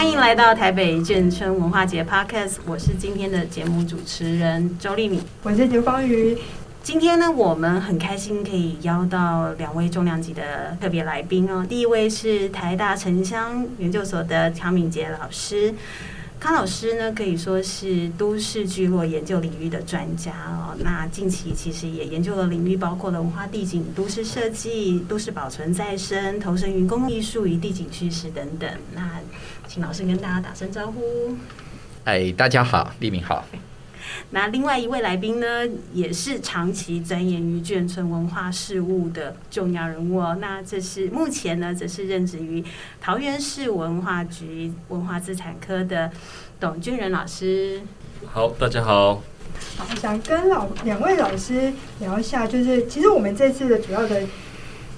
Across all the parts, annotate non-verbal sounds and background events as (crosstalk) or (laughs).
歡迎來到台北眷村文化節 Podcast，我是今天的節目主持人周琍敏，我是劉方瑀。今天呢，我們很開心可以邀到兩位重量級的特別來賓哦。第一位是台大城鄉研究所的康旻杰老師。康老師呢，可以說是都市聚落研究領域的專家哦。那近期其實也研究了領域包括了文化地景、都市設計、都市保存再生、投身於公共藝術與地景敘事等等。那請老師跟大家打聲招呼。哎，大家好，立明好。那另外一位來賓呢，也是長期鑽研於眷村文化事務的重要人物哦。那這是目前呢，則是任職於桃園市文化局文化資產科的董俊仁老師。好，大家好。我想跟老兩位老師聊一下，就是其實我們這次的主要的，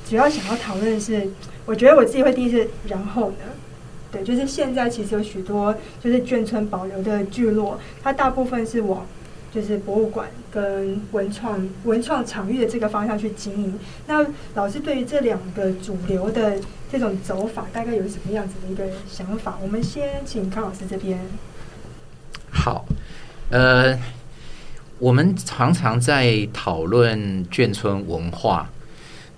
主要想要討論的是，我覺得我自己會第一次，然後呢。對，就是現在其實有許多就是眷村保留的聚落，它大部分是往就是博物館跟文創文創場域的這個方向去經營。那老師對於這兩個主流的這種走法，大概有什麼樣子的一個想法？我們先請康老師這邊。好，呃，我們常常在討論眷村文化，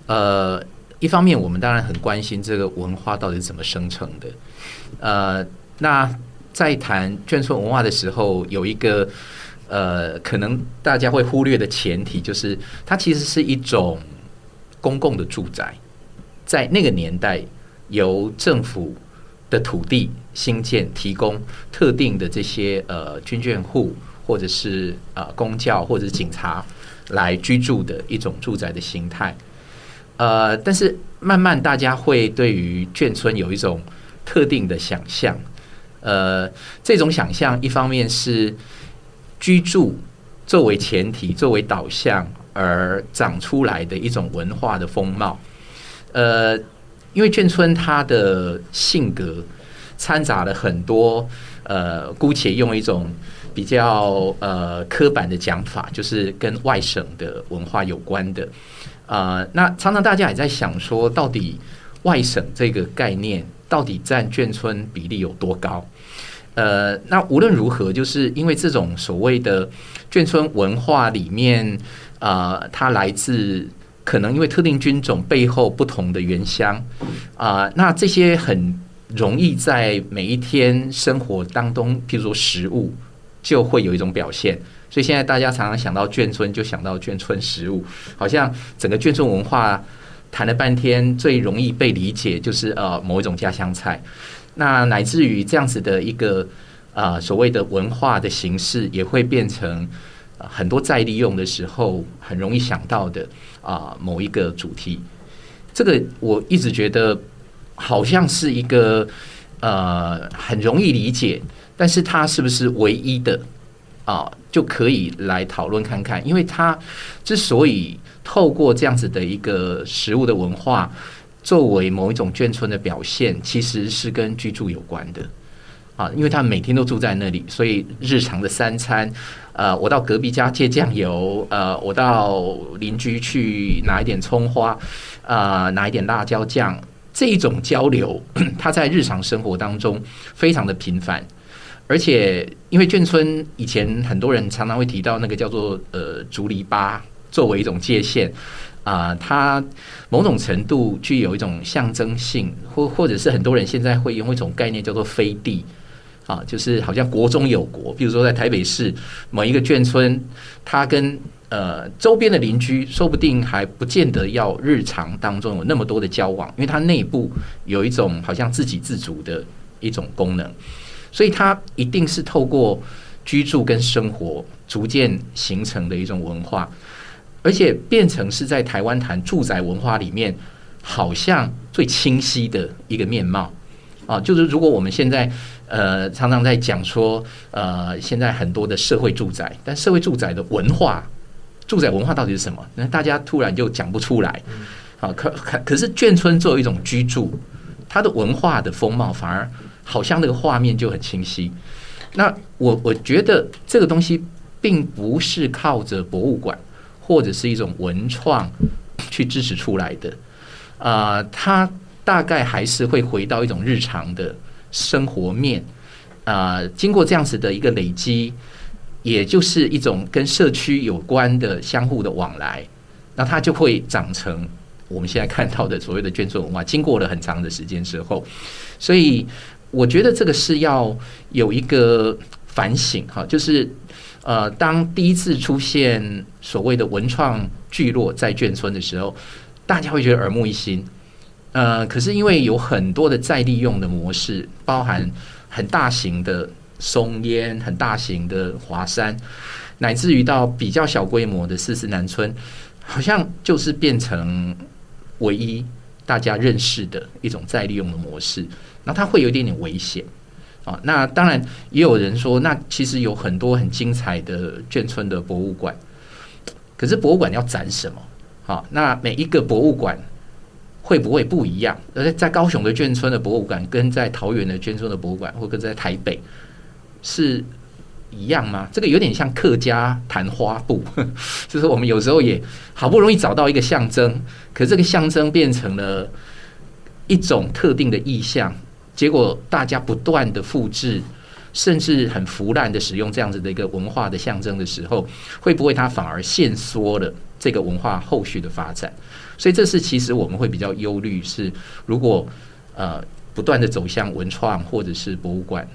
呃，一方面我們當然很關心這個文化到底是怎麼生成的。呃，那在談眷村文化的時候，有一個呃，可能大家會忽略的前提，就是它其實是一種公共的住宅，在那個年代由政府的土地新建，提供特定的這些呃軍眷戶，或者是呃公教或者是警察來居住的一種住宅的形態。呃，但是慢慢大家會對於眷村有一種特定的想象，呃，這種想象一方面是居住作為前提，作為導向而長出來的一種文化的風貌。呃，因為眷村他的性格摻雜了很多，呃，姑且用一種比較，呃，刻板的講法，就是跟外省的文化有關的。呃，那常常大家也在想說，到底外省這個概念，到底佔眷村比例有多高？呃，那無論如何，就是因為這種所謂的眷村文化裡面，啊、呃，它來自可能因為特定軍種背後不同的原鄉，啊、呃，那這些很容易在每一天生活當中，譬如說食物，就會有一種表現。所以現在大家常常想到眷村，就想到眷村食物，好像整個眷村文化。談了半天，最容易被理解就是呃某一種家鄉菜，那乃至於這樣子的一個呃所謂的文化的形式，也會變成很多再利用的時候很容易想到的啊某一個主題。這個我一直覺得好像是一個呃很容易理解，但是它是不是唯一的？啊，就可以來討論看看，因為他之所以透過這樣子的一個食物的文化，作為某一種眷村的表現，其實是跟居住有關的啊，因為他每天都住在那裡，所以日常的三餐，呃，我到隔壁家借醬油，呃，我到鄰居去拿一點蔥花，呃，拿一點辣椒醬，這一種交流，他在日常生活當中非常的頻繁。而且，因為眷村以前很多人常常會提到那個叫做呃竹籬笆作為一種界限啊、呃，它，某種程度具有一種象徵性，或或者是很多人現在會用一種概念叫做飛地啊、呃，就是好像國中有國，比如說在台北市某一個眷村，它跟呃周邊的鄰居說不定還不見得要日常當中有那麼多的交往，因為它內部有一種好像自給自足的一種功能。所以它一定是透過居住跟生活逐漸形成的一種文化，而且變成是在台灣談住宅文化裡面，好像最清晰的一個面貌啊。就是如果我們現在呃常常在講說呃現在很多的社會住宅，但社會住宅的文化，住宅文化到底是什麼？那大家突然就講不出來啊。可可可是眷村作為一種居住，它的文化的風貌反而。好像那個畫面就很清晰。那我我覺得這個東西並不是靠着博物館或者是一種文創去支持出來的。啊、呃，它大概還是會回到一種日常的生活面。啊、呃，經過這樣子的一個累積，也就是一種跟社區有關的相互的往來，那它就會長成我們現在看到的所謂的眷村文化。經過了很長的時間之後，所以。我覺得這個是要有一個反省哈，就是呃，當第一次出現所謂的文創聚落在眷村的時候，大家會覺得耳目一新。呃，可是因為有很多的再利用的模式，包含很大型的松菸、很大型的華山，乃至於到比較小規模的四四南村，好像就是變成唯一大家認識的一種再利用的模式。那它會有一點點危險，啊，那當然也有人說，那其實有很多很精彩的眷村的博物館，可是博物館要展什麼？好，那每一個博物館會不會不一樣？而且在高雄的眷村的博物館，跟在桃園的眷村的博物館，或者跟在台北是一樣嗎？這個有點像客家談花布，就是我們有時候也好不容易找到一個象徵，可這個象徵變成了一種特定的意象。結果大家不斷的複製，甚至很腐爛的使用這樣子的一個文化的象徵的時候，會不會它反而限縮了這個文化後續的發展？所以這是其實我們會比較憂慮，是如果呃不斷的走向文創或者是博物館，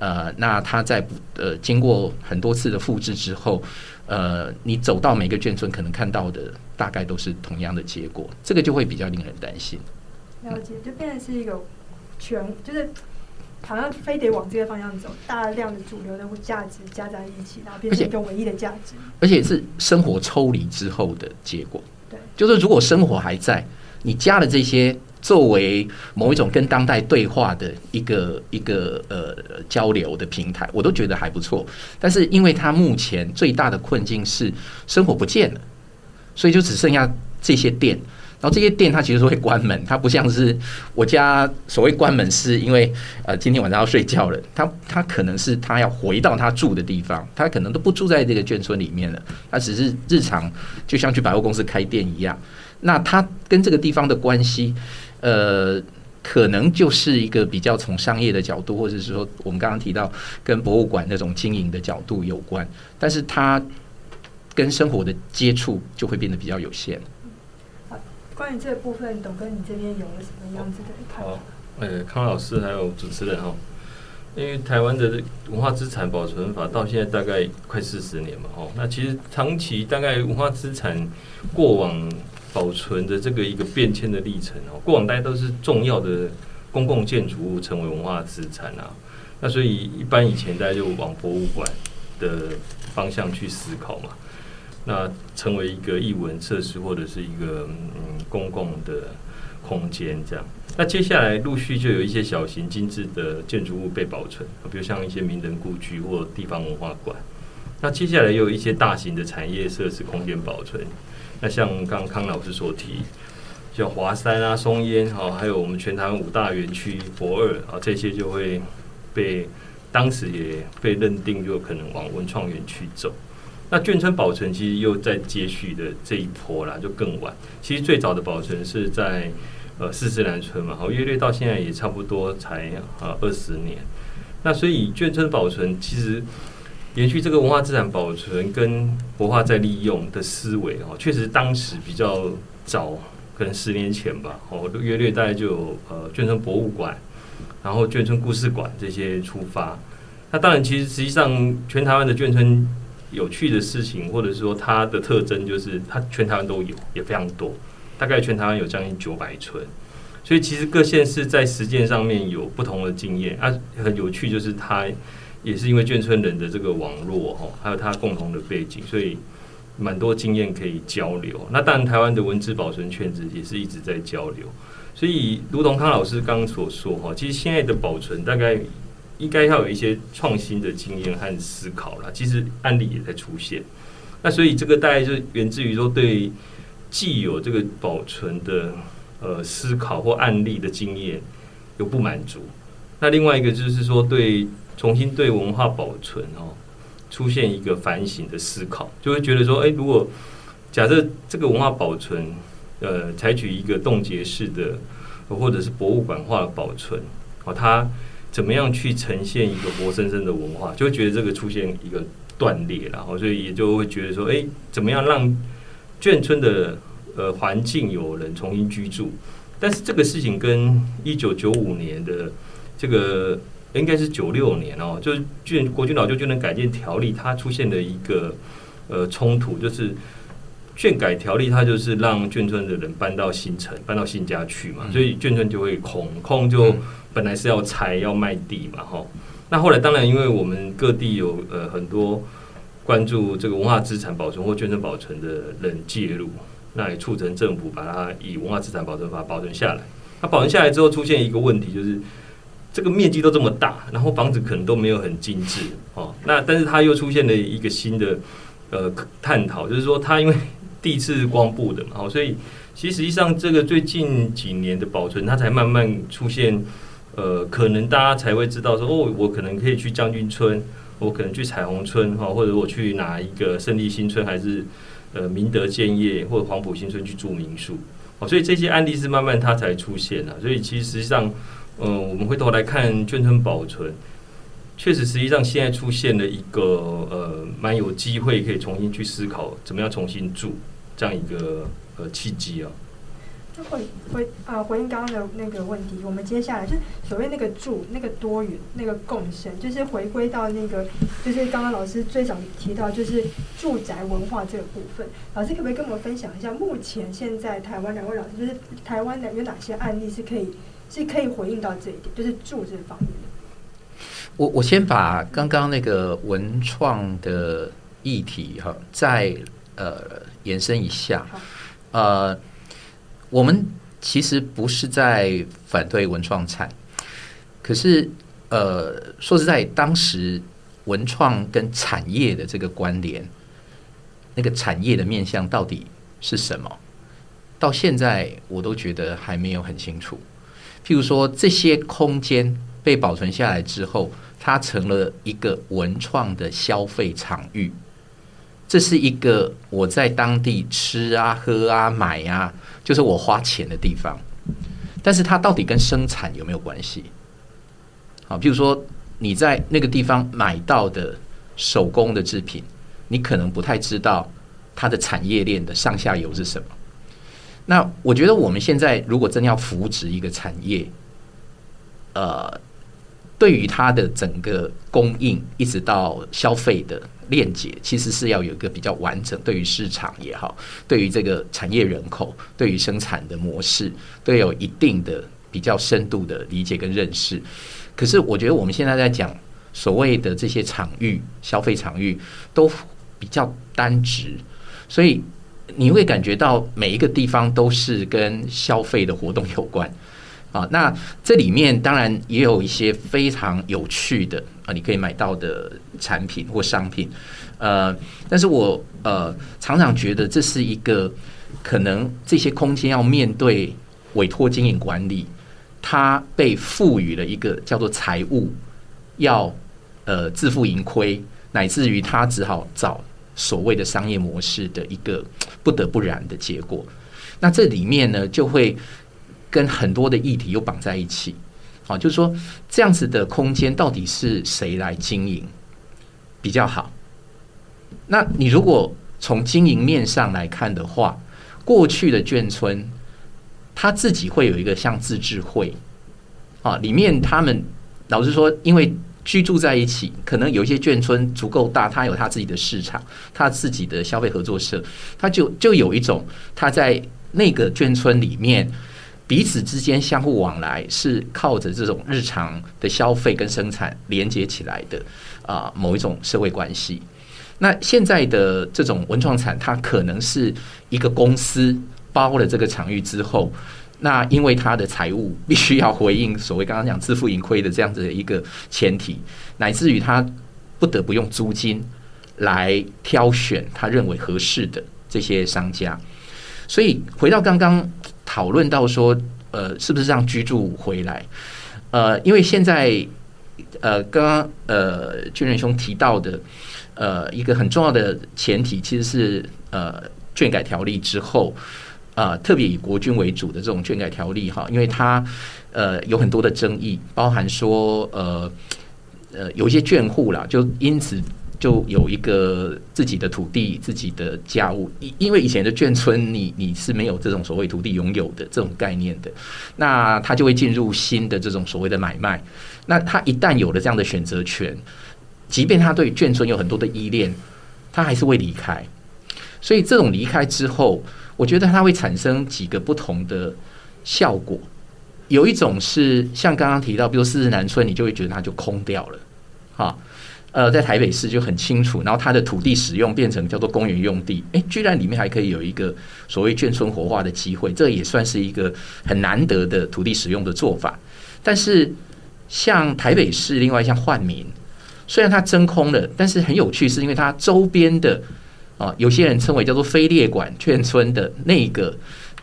呃，那它在呃經過很多次的複製之後，呃，你走到每個眷村可能看到的大概都是同樣的結果，這個就會比較令人擔心。嗯、了解，就變成是一個。全就是好像非得往這個方向走，大量的主流的價值加在一起，然後變成一個唯一的價值而。而且是生活抽離之後的結果。對、嗯，就是如果生活還在，你加了這些作為某一種跟當代對話的一個一個呃交流的平台，我都覺得還不錯。但是因為它目前最大的困境是生活不見了，所以就只剩下這些店。然後這些店它其實會關門，它不像是我家所謂關門，是因為呃今天晚上要睡覺了。他他可能是他要回到他住的地方，他可能都不住在這個眷村裡面了。他只是日常就像去百貨公司開店一樣。那他跟這個地方的關係，呃，可能就是一個比較從商業的角度，或者是說我們剛剛提到跟博物館那種經營的角度有關。但是他跟生活的接觸就會變得比較有限。關於這部分，董哥，你這邊有了什麼樣子的看法？哎，康老師還有主持人哈，因為台灣的文化資產保存法到現在大概快四十年嘛，哦，那其實長期大概文化資產過往保存的這個一個變遷的歷程哦，過往大家都是重要的公共建築物成為文化資產啊，那所以一般以前大家就往博物館的方向去思考嘛。那成為一個藝文設施或者是一個嗯公共的空間，這樣。那接下來陸續就有一些小型精緻的建築物被保存，比如像一些名人故居或地方文化館。那接下來又有一些大型的產業設施空間保存。那像剛剛康老師所提，像華山啊、松煙好、啊，還有我們全台五大園區、駁二啊，這些就會被當時也被認定就可能往文創園區走。那眷村保存其實又在接續的這一波啦，就更晚。其實最早的保存是在呃四四南村嘛，好約略到現在也差不多才呃二十年。那所以眷村保存其實延續這個文化資產保存跟活化再利用的思維哦，確實當時比較早，可能十年前吧，哦約略大概就有呃眷村博物館，然後眷村故事館這些出發。那當然其實實際上全台灣的眷村有趣的事情，或者是說它的特徵就是，它全台灣都有，也非常多。大概全台灣有將近九百村，所以其實各縣市在實踐上面有不同的經驗。啊，很有趣，就是它也是因為眷村人的這個網絡哈，還有它共同的背景，所以蠻多經驗可以交流。那當然，台灣的文資保存圈子也是一直在交流。所以，如同康老師剛剛所說哈，其實現在的保存大概。應該要有一些創新的經驗和思考了。其實案例也在出現，那所以這個大概就源自於說，對既有這個保存的呃思考或案例的經驗又不滿足。那另外一個就是說對，對重新對文化保存哦，出現一個反省的思考，就會覺得說，哎，如果假設這個文化保存呃採取一個凍結式的，或者是博物館化的保存，哦，它。怎麼樣去呈現一個活生生的文化，就會覺得這個出現一個斷裂，然後所以也就會覺得說，哎、欸，怎麼樣讓眷村的呃環境有人重新居住？但是這個事情跟一九九五年的這個、欸、應該是九六年哦、喔，就是《眷國軍老舊眷村改建條例》它出現的一個呃衝突，就是。眷改條例，它就是讓眷村的人搬到新城、搬到新家去嘛，所以眷村就會空，空就本來是要拆、要賣地嘛，哈、嗯。那後來當然，因為我們各地有呃很多關注這個文化資產保存或眷村保存的人介入，那也促成政府把它以文化資產保存法保存下來。那保存下來之後，出現一個問題就是，這個面積都這麼大，然後房子可能都沒有很精致哦。那但是它又出現了一個新的呃探討，就是說它因為第一次光布的嘛，好，所以其實實際上這個最近幾年的保存，它才慢慢出現，呃，可能大家才會知道說，哦，我可能可以去將軍村，我可能去彩虹村哈，或者我去哪一個勝利新村，還是呃明德建業或者黃埔新村去住民宿，所以這些案例是慢慢它才出現的，啊，所以其實實際上，嗯、呃，我們回頭來看眷村保存，確實實際上現在出現了一個呃，蠻有機會可以重新去思考怎麼樣重新住。這樣一個呃契機哦，那會回啊回應剛剛的那個問題，我們接下來就是所謂那個住那個多元那個共生，就是回歸到那個就是剛剛老師最早提到就是住宅文化這個部分，老師可不可以跟我們分享一下目前現在台灣兩位老師就是台灣的有哪些案例是可以是可以回應到這一點，就是住這個方面的？我我先把剛剛那個文創的議題哈，在呃。延伸一下，呃，我們其實不是在反對文創產，可是，呃，說實在，當時文創跟產業的這個關聯，那個產業的面向到底是什麼，到現在我都覺得還沒有很清楚。譬如說，這些空間被保存下來之後，它成了一個文創的消費場域。這是一個我在當地吃啊、喝啊、買呀、啊，就是我花錢的地方。但是它到底跟生產有沒有關係？好，比如說你在那個地方買到的手工的制品，你可能不太知道它的產業鏈的上下游是什麼。那我覺得我們現在如果真要扶植一個產業，呃，對於它的整個供應一直到消費的鏈接其實是要有一個比較完整，對於市場也好，對於這個產業人口，對於生產的模式都有一定的比較深度的理解跟認識。可是，我覺得我們現在在講所謂的這些場域、消費場域都比較單質，所以你會感覺到每一個地方都是跟消費的活動有關。啊，那這裡面當然也有一些非常有趣的啊，你可以買到的產品或商品，呃，但是我呃常常覺得這是一個可能這些空間要面對委託經營管理，它被賦予了一個叫做財務要呃自負盈虧，乃至於它只好找所謂的商業模式的一個不得不然的結果。那這裡面呢就會。跟很多的議題又綁在一起，啊，就是說這樣子的空間到底是誰來經營比較好？那你如果從經營面上來看的話，過去的眷村，他自己會有一個像自治會，啊，裡面他們老實說，因為居住在一起，可能有一些眷村足夠大，他有他自己的市場，他自己的消費合作社，他就就有一種他在那個眷村裡面。彼此之間相互往來是靠着這種日常的消費跟生產連接起來的啊、呃，某一種社會關係。那現在的這種文創產，它可能是一個公司包了這個場域之後，那因為他的財務必須要回應所謂剛剛講自負盈虧的這樣子的一個前提，乃至於他不得不用租金來挑選他認為合適的這些商家。所以回到剛剛。討論到說，呃，是不是讓居住回來？呃，因為現在，呃，剛剛，呃，俊仁兄提到的，呃，一個很重要的前提，其實是呃，眷改條例之後，啊、呃，特別以國軍為主的這種眷改條例哈，因為它呃有很多的爭議，包含說呃，呃，有一些眷戶啦，就因此。就有一個自己的土地、自己的家務，因因為以前的眷村，你你是沒有這種所謂土地擁有的這種概念的。那他就會進入新的這種所謂的買賣。那他一旦有了這樣的選擇權，即便他對眷村有很多的依戀，他還是會離開。所以這種離開之後，我覺得它會產生幾個不同的效果。有一種是像剛剛提到，比如四四南村，你就會覺得它就空掉了，啊。呃，在台北市就很清楚，然後它的土地使用變成叫做公園用地，誒，居然裡面還可以有一個所謂眷村活化的機會，這也算是一個很難得的土地使用的做法。但是，像台北市另外像煥民，雖然它真空了，但是很有趣，是因為它周邊的啊，有些人稱為叫做非列管眷村的那個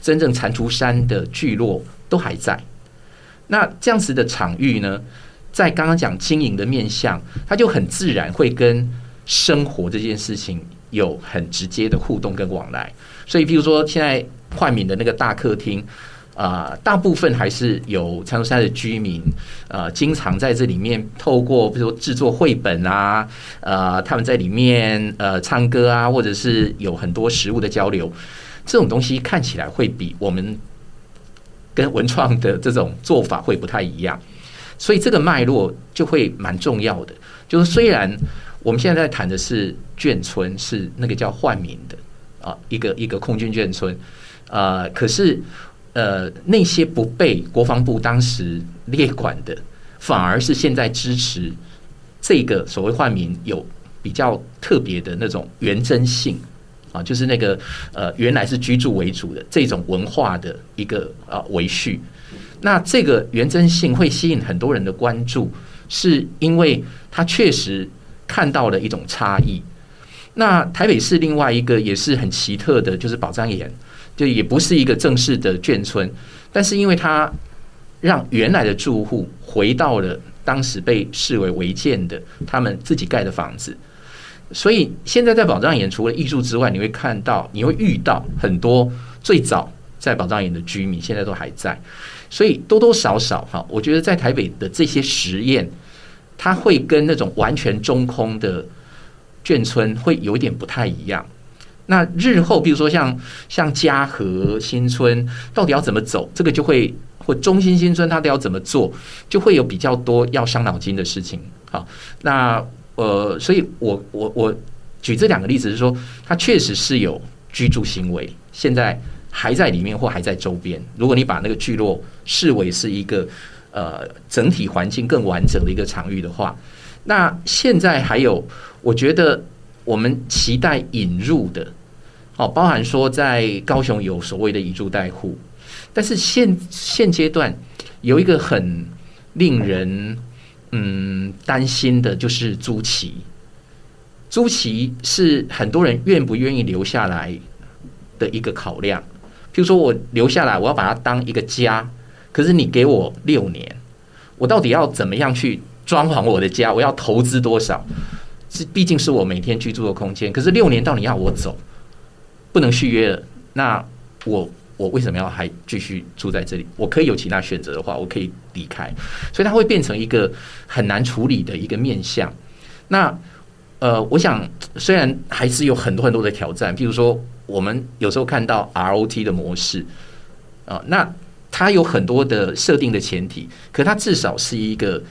真正蟾蜍山的聚落都還在。那這樣子的場域呢？在剛剛講經營的面向，它就很自然會跟生活這件事情有很直接的互動跟往來。所以，譬如說現在煥民的那個大客廳啊、呃，大部分還是有蟾蜍山的居民呃，經常在這裡面透過譬如說制作繪本啊，呃，他們在裡面呃唱歌啊，或者是有很多食物的交流，這種東西看起來會比我們跟文創的這種做法會不太一樣。所以這個脈絡就會蠻重要的，就是雖然我們現在在談的是眷村，是那個叫煥民的啊，一個一個空軍眷村啊，可是呃那些不被國防部當時列管的，反而是現在支持這個所謂煥民有比較特別的那種原真性啊，就是那個呃原來是居住為主的這種文化的一個啊維續。那這個原真性會吸引很多人的關注，是因為他確實看到了一種差異。那台北市另外一個也是很奇特的，就是寶藏巖，就也不是一個正式的眷村，但是因為它讓原來的住戶回到了當時被視為違建的他們自己蓋的房子，所以現在在寶藏巖除了藝術之外，你會看到，你會遇到很多最早在寶藏巖的居民，現在都還在。所以多多少少哈，我覺得在台北的這些實驗，它會跟那種完全中空的眷村會有點不太一樣。那日後，比如說像像嘉禾新村，到底要怎麼走，這個就會或中心新村，它都要怎麼做，就會有比較多要傷腦筋的事情。好，那呃，所以我我我舉這兩個例子是說，它確實是有居住行為。現在。還在裡面或還在周邊，如果你把那個聚落視為是一個呃整體環境更完整的一個場域的話，那現在還有，我覺得我們期待引入的哦，包含說在高雄有所謂的以住代護。但是現現階段有一個很令人嗯擔心的，就是租期，租期是很多人願不願意留下來的一個考量。譬如說我留下來，我要把它當一個家。可是你給我六年，我到底要怎麼樣去裝潢我的家？我要投資多少？這畢竟是我每天居住的空間。可是六年到底要我走，不能續約了。那我我為什麼要還繼續住在這裡？我可以有其他選擇的話，我可以離開。所以它會變成一個很難處理的一個面向。那呃，我想雖然還是有很多很多的挑戰，譬如說。我們有時候看到 ROT 的模式啊，那它有很多的設定的前提，可它至少是一個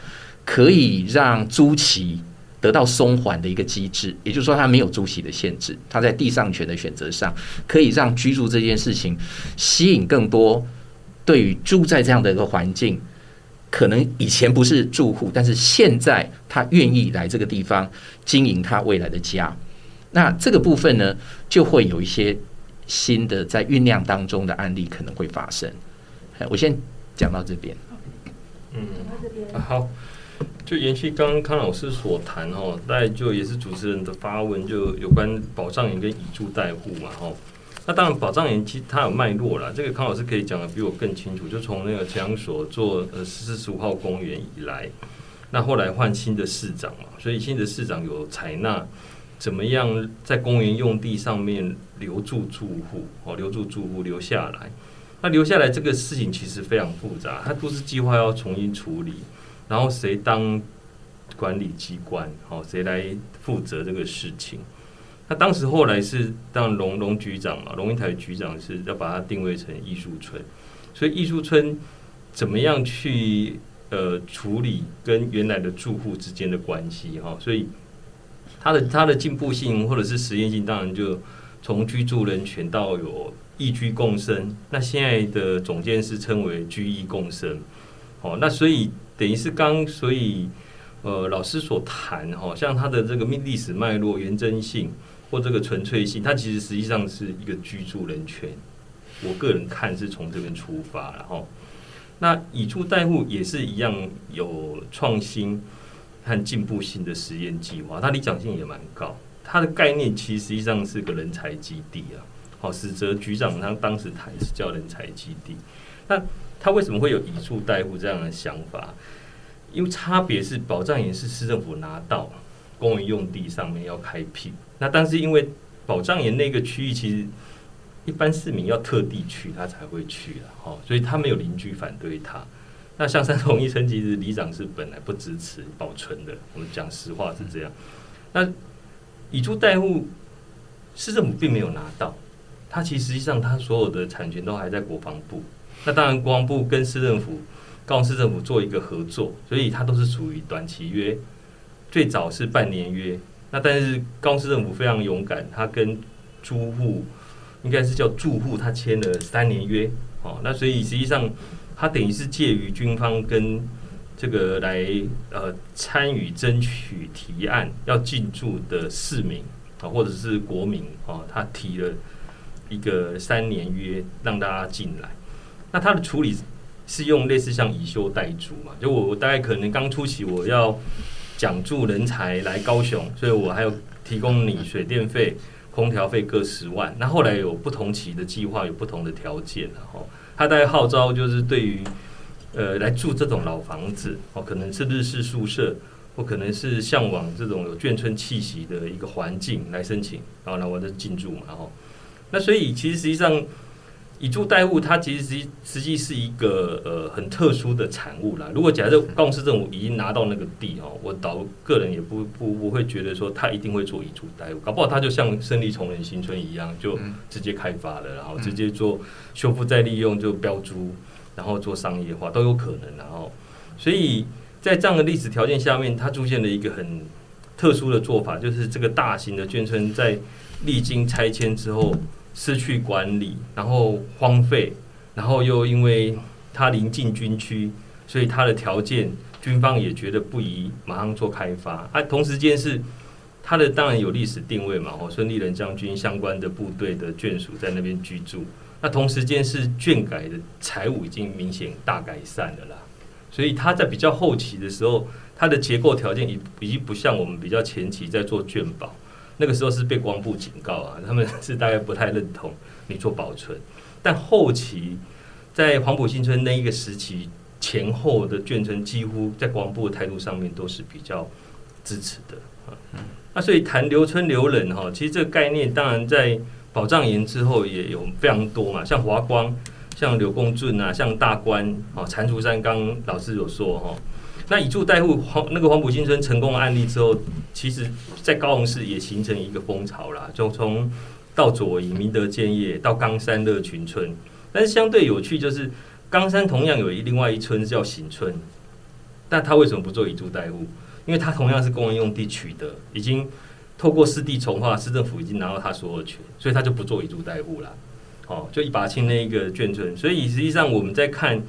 可以讓租期得到鬆緩的一個機制。也就是說，它沒有租期的限制，它在地上權的選擇上可以讓居住這件事情吸引更多對於住在這樣的一個環境，可能以前不是住戶，但是現在他願意來這個地方經營他未來的家。那這個部分呢，就會有一些新的在醞釀當中的案例可能會發生。我先講到這邊。嗯，好，就延續剛剛康老師所談哦，大概就也是主持人的發問，就有關寶藏巖跟以住代護嘛，哦，那當然寶藏巖其實它有脈絡啦。這個康老師可以講得比我更清楚，就從那個江所做呃十四、十五號公園以來，那後來換新的市長嘛，所以新的市長有採納。怎麼樣在公園用地上面留住住戶？哦，留住住戶留下來，那留下來這個事情其實非常複雜，它都是計劃要重新處理，然後誰當管理機關？好，誰來負責這個事情？他當時後來是當龍龍局長嘛，龍應台局長是要把它定位成藝術村，所以藝術村怎麼樣去呃處理跟原來的住戶之間的關係？哈，所以。它的它的進步性或者是實驗性，當然就從居住人權到有異居共生，那現在的總監是稱為居異共生，哦，那所以等於是剛所以呃老師所談哈，像它的這個歷史脈絡、原真性或這個純粹性，它其實實際上是一個居住人權，我個人看是從這邊出發，然後那以住代護也是一樣有創新。和進步性的實驗計劃，它理想性也蠻高。它的概念其實實際上是個人才基地啊。好、哦，史哲局長他當時談是叫人才基地。那他為什麼會有以住代護這樣的想法？因為差別是寶藏巖是市政府拿到公園用地上面要開闢。那但是因為寶藏巖那個區域，其實一般市民要特地去他才會去了、啊。好、哦，所以他沒有鄰居反對他。那像三重一村，其實里長是本來不支持保存的，我們講實話是這樣。那以租代戶，市政府並沒有拿到，他其實實際上他所有的產權都還在國防部。那當然，國防部跟市政府，高雄市政府做一個合作，所以它都是屬於短期約，最早是半年約。那但是高雄市政府非常勇敢，他跟租戶應該是叫住戶，他簽了三年約。哦，那所以實際上。他等於是介於軍方跟這個來呃參與爭取提案要進駐的市民啊，或者是國民啊、哦，他提了一個三年約讓大家進來。那他的處理是用類似像以修代租嘛，就我我大概可能剛初期，我要獎助人才來高雄，所以我還有提供你水電費、空調費各十萬。那後來有不同期的計劃有不同的條件，哦他在號召，就是對於，呃，來住這種老房子哦，可能是日式宿舍，或可能是嚮往這種有眷村氣息的一個環境來申請，哦，然後我就進駐嘛，哦，那所以其實實際上。以住代護，它其實實際是一個呃很特殊的產物啦。如果假設高雄市政府已經拿到那個地哦，我倒個人也不不不會覺得說他一定會做以住代護，搞不好他就像勝利崇仁新村一樣，就直接開發了，然後直接做修復再利用，就標租，然後做商業化都有可能，然後所以在這樣的歷史條件下面，它出現了一個很特殊的做法，就是這個大型的眷村在歷經拆遷之後。失去管理，然後荒廢，然後又因為它臨近軍區，所以它的條件軍方也覺得不宜馬上做開發。啊，同時間是它的當然有歷史定位嘛，哦，孫立人將軍相關的部隊的眷屬在那邊居住。那同時間是眷改的財務已經明顯大改善了啦，所以它在比較後期的時候，它的結構條件已已經不像我們比較前期在做眷保。那個時候是被光部警告啊，他們是大概不太認同你做保存，但後期在黃埔新村那一個時期前後的眷村，幾乎在光部的態度上面都是比較支持的啊。那所以談留村留人哈、啊，其實這個概念當然在寶藏巖之後也有非常多嘛，像華光、像瑠公圳啊、像大觀啊、蟾蜍山剛老師有說哈、啊，那以住代護黃那個黃埔新村成功案例之後，其實。在高雄市也形成一個風潮啦，就從到左營明德，建業到岡山樂群村，但是相對有趣就是岡山同樣有一另外一村叫醒村，但他為什麼不做以租代物？因為他同樣是公有用地取得，已經透過市地重劃，市政府已經拿到他所有權，所以他就不做以租代物了。哦，就一把清那一個眷村。所以實際上我們在看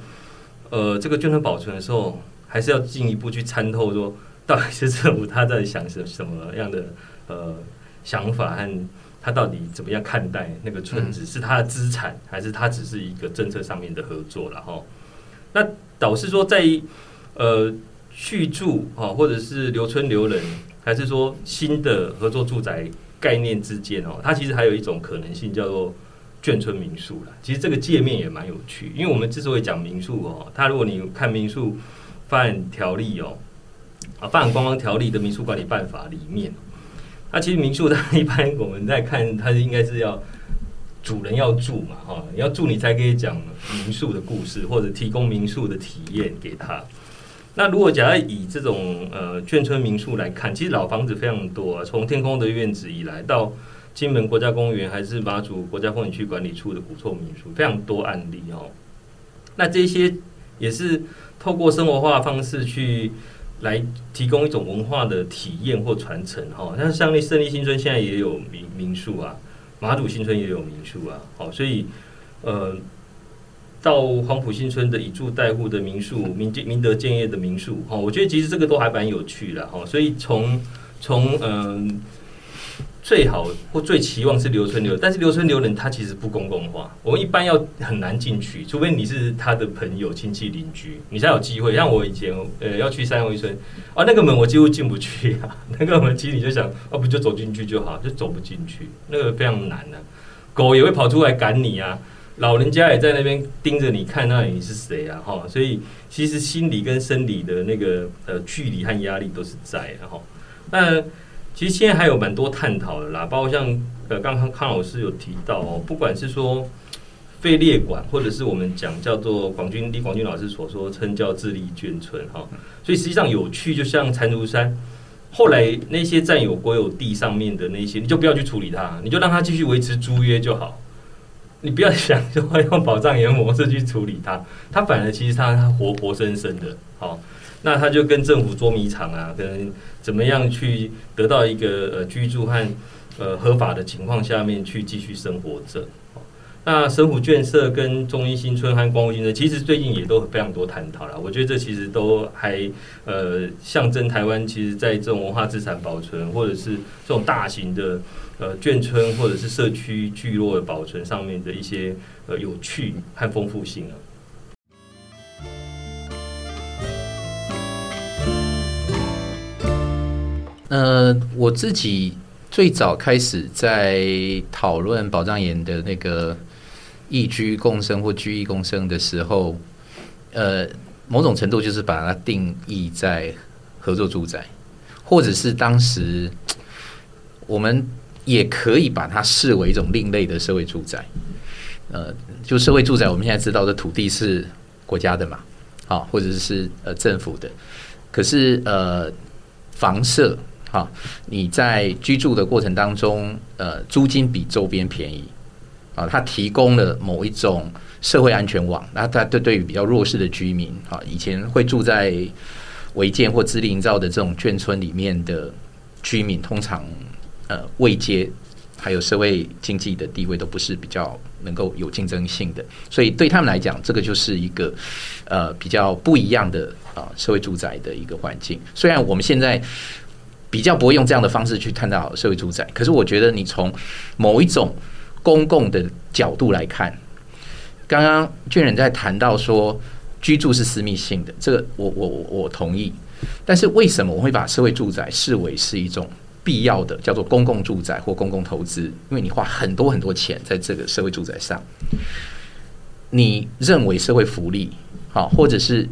呃這個眷村保存的時候，還是要進一步去參透說。到底是政府他在想什什麼樣的呃想法，和他到底怎麼樣看待那個村子？嗯、是他的資產，還是他只是一個政策上面的合作？了，後，那導致說在呃續住啊，或者是留村留人，還是說新的合作住宅概念之間哦，它其實還有一種可能性叫做眷村民宿啦。其實這個界面也蠻有趣，因為我們之所以講民宿哦，它如果你看民宿發展條例哦、喔。啊，《發展觀光條例》的民宿管理辦法裡面，那其實民宿它一般我們在看，它應該是要主人要住嘛，哈，你要住你才可以講民宿的故事，或者提供民宿的體驗給他。那如果假設以這種呃眷村民宿來看，其實老房子非常多啊，從天空的院子以來到金門國家公園，還是馬祖國家風景區管理處的古厝民宿，非常多案例哦。那這些也是透過生活化的方式去。來提供一種文化的體驗或傳承哈，像勝利新村現在也有民民宿啊，馬祖新村也有民宿啊，好，所以呃，到黃埔新村的以住代戶的民宿，明建明德建業的民宿，哈，我覺得其實這個都還蠻有趣的哈，所以從從嗯。最好或最期望是留村留人，但是留村留人他其實不公共化，我們一般要很難進去，除非你是他的朋友、親戚、鄰居，你才有機會。像我以前呃要去三重村啊，那個門我幾乎進不去啊，那個門其實你就想，哦、啊、不就走進去就好，就走不進去，那個非常難的、啊。狗也會跑出來趕你啊，老人家也在那邊盯着你看，那你是誰啊？哈，所以其實心理跟生理的那個呃距離和壓力都是在哈、啊，那。其實現在還有蠻多探討的啦，包括像呃，剛剛康老師有提到哦，不管是說廢列管，或者是我們講叫做廣均，李廣均老師所說稱叫自力眷村。哈，所以實際上有趣，就像蟾蜍山後來那些佔有國有地上面的那些，你就不要去處理它，你就讓它繼續維持租約就好，你不要想說要用保障研模式去處理它，它反而其實它它活活生生的，好、哦。那他就跟政府捉迷藏啊，可能怎麼樣去得到一個呃居住和呃合法的情況下面去繼續生活着。那省府眷舍跟中興新村和光復新村，其實最近也都非常多探討啦。我覺得這其實都還呃象徵臺灣其實在這種文化資產保存或者是這種大型的呃眷村或者是社區聚落的保存上面的一些呃有趣和豐富性啊。呃，我自己最早開始在討論保障房的那個異居共生或居異共生的時候，呃，某種程度就是把它定義在合作住宅，或者是當時我們也可以把它視為一種另類的社會住宅。呃，就社會住宅，我們現在知道的土地是國家的嘛，好、啊，或者是呃政府的，可是呃房舍。你在居住的過程當中，呃，租金比周邊便宜，啊，它提供了某一種社會安全網。那它對對於比較弱勢的居民，啊，以前會住在違建或自力營造的這種眷村裡面的居民，通常呃，位階還有社會經濟的地位都不是比較能夠有競爭性的，所以對他們來講，這個就是一個呃比較不一樣的啊社會住宅的一個環境。雖然我們現在。比較不會用這樣的方式去探討社會住宅，可是我覺得你從某一種公共的角度來看，剛剛俊仁在談到說，居住是私密性的，這個我我我我同意。但是為什麼我會把社會住宅視為是一種必要的叫做公共住宅或公共投資？因為你花很多很多錢在這個社會住宅上，你認為社會福利好，或者是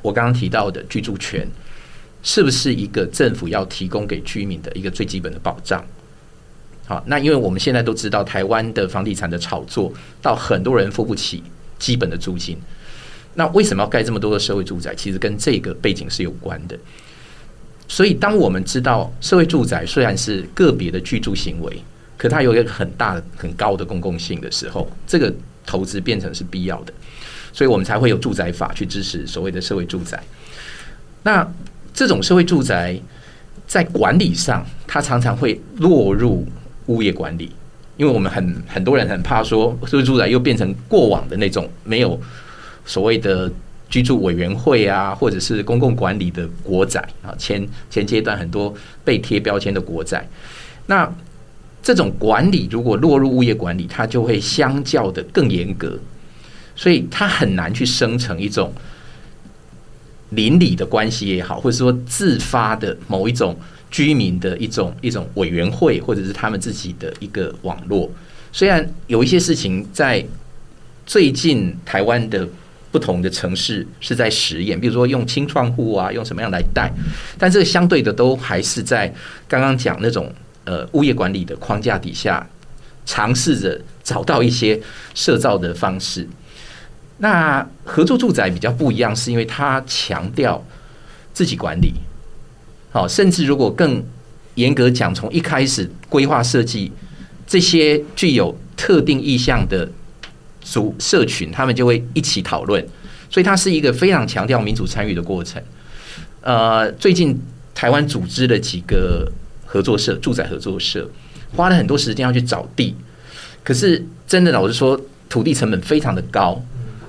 我剛剛提到的居住權。是不是一個政府要提供給居民的一個最基本的保障？好，那因為我們現在都知道，台灣的房地產的炒作，到很多人付不起基本的租金。那為什麼要蓋這麼多的社會住宅？其實跟這個背景是有關的。所以，當我們知道社會住宅雖然是個別的居住行為，可它有一個很大、很高的公共性的時候，這個投資變成是必要的。所以我們才會有住宅法去支持所謂的社會住宅。那。這種社會住宅在管理上，它常常會落入物業管理，因為我們很很多人很怕說社會住宅又變成過往的那種沒有所謂的居住委員會啊，或者是公共管理的國宅啊，前前階段很多被貼標籤的國宅，那這種管理如果落入物業管理，它就會相較的更嚴格，所以它很難去生成一種。鄰里的關係也好，或者說自發的某一種居民的一種一種委員會，或者是他們自己的一個網絡。雖然有一些事情在最近台灣的不同的城市是在實驗，比如說用青創戶啊，用什麼樣來帶，但這個相對的都還是在剛剛講那種呃物業管理的框架底下，嘗試着找到一些社造的方式。那合作住宅比較不一樣，是因為它強調自己管理，好，甚至如果更嚴格講，從一開始規劃設計，這些具有特定意向的主社群，他們就會一起討論，所以它是一個非常強調民主參與的過程。呃，最近台灣組織了幾個合作社住宅合作社，花了很多時間要去找地，可是真的老實說，土地成本非常的高。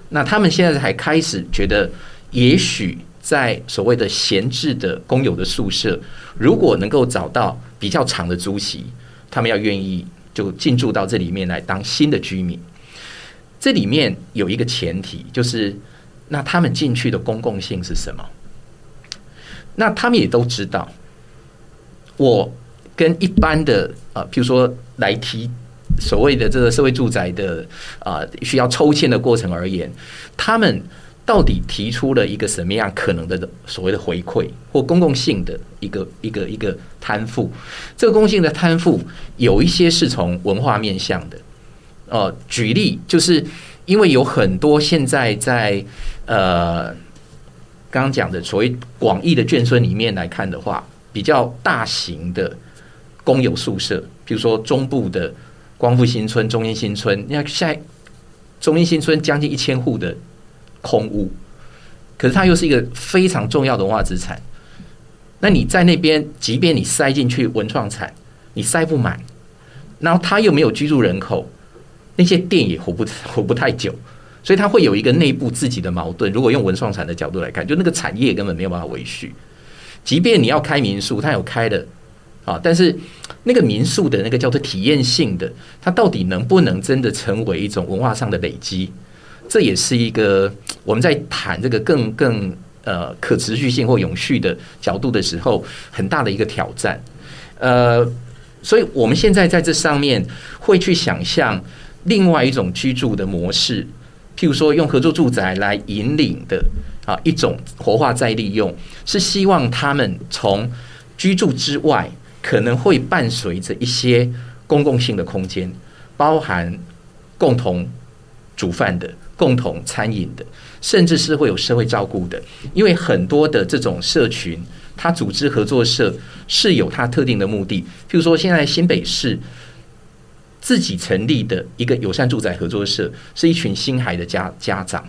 那他們現在才開始覺得，也許在所謂的閒置的公有的宿舍，如果能夠找到比較長的租期，他們要願意就進駐到這裡面來當新的居民。這裡面有一個前提，就是那他們進去的公共性是什麼？那他們也都知道，我跟一般的啊，譬如說來提。所謂的這個社會住宅的啊、呃，需要抽籤的過程而言，他們到底提出了一個什麼樣可能的所謂的回饋或公共性的一個一個一個貪腐？這個公共性的貪腐有一些是從文化面向的。哦、呃，舉例就是因為有很多現在在呃，剛剛講的所謂廣義的眷村裡面來看的話，比較大型的公有宿舍，比如說中部的。光復新村、中興新村，你看現在中興新村將近一千戶的空屋，可是它又是一個非常重要的文化資產。那你在那邊，即便你塞進去文創產，你塞不滿，然後它又沒有居住人口，那些店也活不活不太久，所以它會有一個內部自己的矛盾。如果用文創產的角度來看，就那個產業根本沒有辦法維續。即便你要開民宿，它有開的。啊，但是那個民宿的那個叫做體驗性的，它到底能不能真的成為一種文化上的累積？這也是一個我們在談這個更更呃可持續性或永續的角度的時候，很大的一個挑戰。呃，所以我們現在在這上面會去想象另外一種居住的模式，譬如說用合作住宅來引領的啊，一種活化再利用，是希望他們從居住之外，可能會伴隨着一些公共性的空間，包含共同煮飯的、共同餐飲的，甚至是會有社會照顧的。因為很多的這種社群，它組織合作社是有它特定的目的。譬如說，現在新北市自己成立的一個友善住宅合作社，是一群新海的家家長，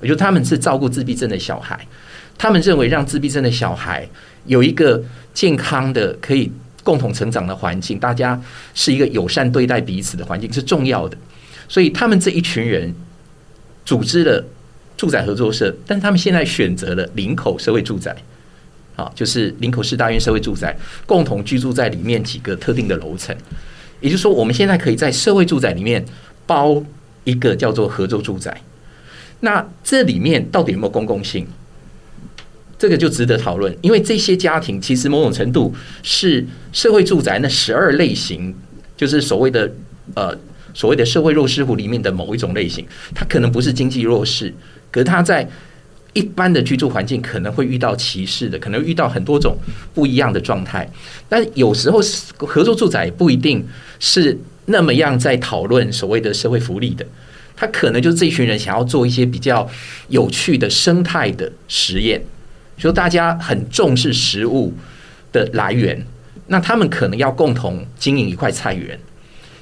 也就是他們是照顧自閉症的小孩。他們認為讓自閉症的小孩有一個健康的可以。共同成長的環境，大家是一個友善對待彼此的環境是重要的，所以他們這一群人組織了住宅合作社，但是他們現在選擇了林口社會住宅，啊，就是林口世大運社會住宅，共同居住在裡面幾個特定的樓層，也就是說，我們現在可以在社會住宅裡面包一個叫做合作住宅，那這裡面到底有沒有公共性？這個就值得討論，因為這些家庭其實某種程度是社會住宅那十二類型，就是所謂的呃所謂的社會弱勢戶裡面的某一種類型。它可能不是經濟弱勢，可是它在一般的居住環境可能會遇到歧視的，可能遇到很多種不一樣的狀態。但有時候合作住宅不一定是那麼樣在討論所謂的社會福利的，它可能就是這群人想要做一些比較有趣的生態的實驗。所以大家很重視食物的來源，那他們可能要共同經營一塊菜園，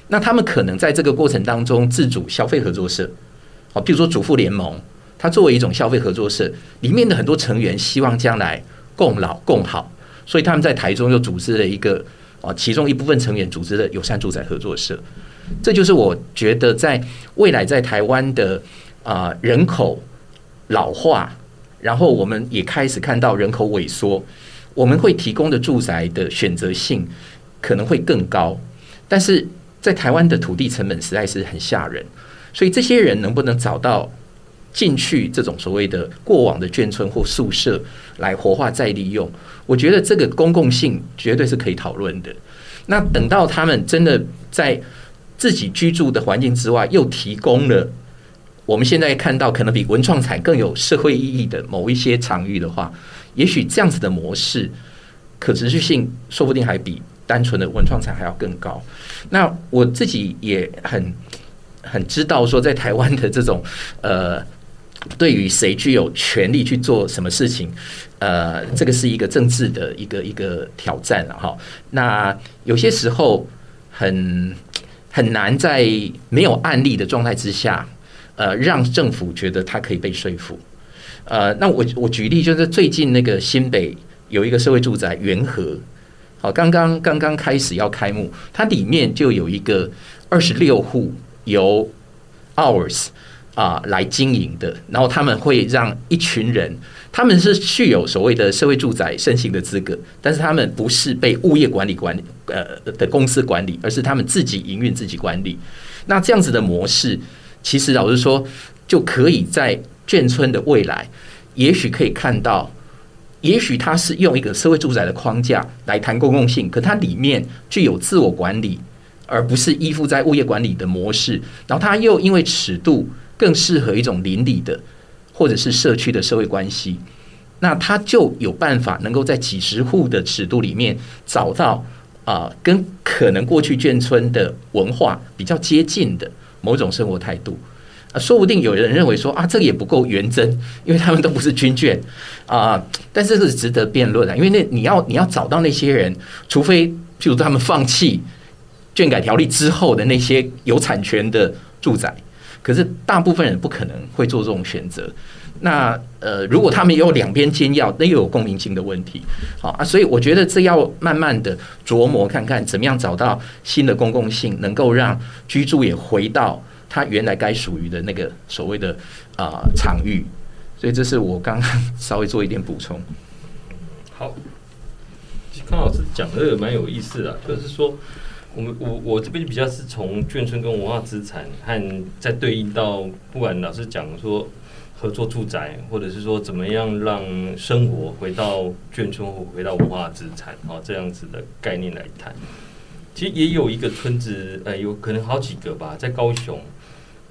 那他們可能在這個過程當中自主消費合作社，啊，比如說主婦聯盟，它作為一種消費合作社，裡面的很多成員希望將來共老共好，所以他們在台中又組織了一個啊，其中一部分成員組織的友善住宅合作社，這就是我覺得在未來在台灣的啊，呃，人口老化。然後我們也開始看到人口萎縮，我們會提供的住宅的選擇性可能會更高，但是在台灣的土地成本實在是很嚇人，所以這些人能不能找到進去這種所謂的過往的眷村或宿舍來活化再利用？我覺得這個公共性絕對是可以討論的。那等到他們真的在自己居住的環境之外又提供了。我們現在看到可能比文創產更有社會意義的某一些場域的話，也許這樣子的模式可持續性說不定還比單純的文創產還要更高。那我自己也很很知道說，在台灣的這種呃，對於誰具有權力去做什麼事情，呃，這個是一個政治的一個一個挑戰哈、啊。那有些時候很很難在沒有案例的狀態之下。呃，讓政府覺得他可以被說服。呃，那我我舉例就是最近那個新北有一個社會住宅元和，好，剛剛剛剛開始要開幕，它裡面就有一個二十六戶由 OURs 啊、呃、來經營的，然後他們會讓一群人，他們是具有所謂的社會住宅申請的資格，但是他們不是被物業管理管理呃的公司管理，而是他們自己營運自己管理。那這樣子的模式。其實老實說，就可以在眷村的未來，也許可以看到，也許它是用一個社會住宅的框架來談公共性，可它裡面具有自我管理，而不是依附在物業管理的模式。然後它又因為尺度更適合一種鄰里的或者是社區的社會關係，那它就有辦法能夠在幾十戶的尺度裡面找到啊、呃，跟可能過去眷村的文化比較接近的。某種生活態度，啊，說不定有人認為說啊，這個也不夠原真，因為他們都不是軍眷啊、呃。但是是值得辯論的、啊，因為那你要你要找到那些人，除非譬如他們放棄眷改條例之後的那些有產權的住宅，可是大部分人不可能會做這種選擇。那呃，如果他們有兩邊煎藥，那又有共鳴性的問題。好啊，所以我覺得這要慢慢的琢磨看看，怎麼樣找到新的公共性，能夠讓居住也回到它原來該屬於的那個所謂的啊、呃、場域。所以這是我剛剛稍微做一點補充。好，康老師講的蠻有意思的、啊，就是說我，我們我我這邊比較是從眷村跟文化資產，看在對應到不管老師講說。合作住宅，或者是說怎麼樣讓生活回到眷村，回到文化資產，哦，這樣子的概念來談。其實也有一個村子，呃，有可能好幾個吧，在高雄，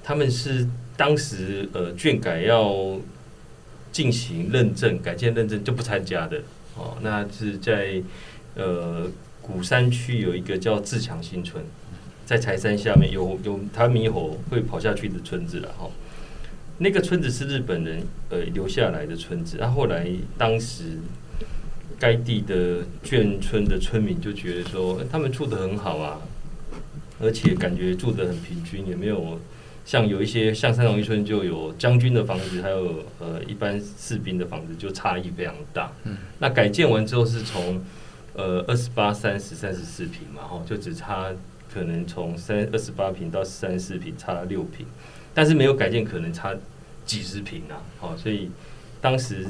他們是當時呃眷改要進行認證改建認證就不參加的，哦，那是在呃鼓山區有一個叫自強新村，在柴山下面有有獼猴會跑下去的村子了，哈、啊。那個村子是日本人呃留下來的村子，啊，那後來，當時該地的眷村的村民就覺得說，他們住得很好啊，而且感覺住得很平均，也沒有像有一些像三重一村就有將軍的房子，還有呃一般士兵的房子，就差異非常大，嗯。那改建完之後是從呃二十八、三十、三十四坪嘛，就只差可能從三二十八坪到三十四坪差了六坪。但是沒有改建可能差幾十平啊，好，所以當時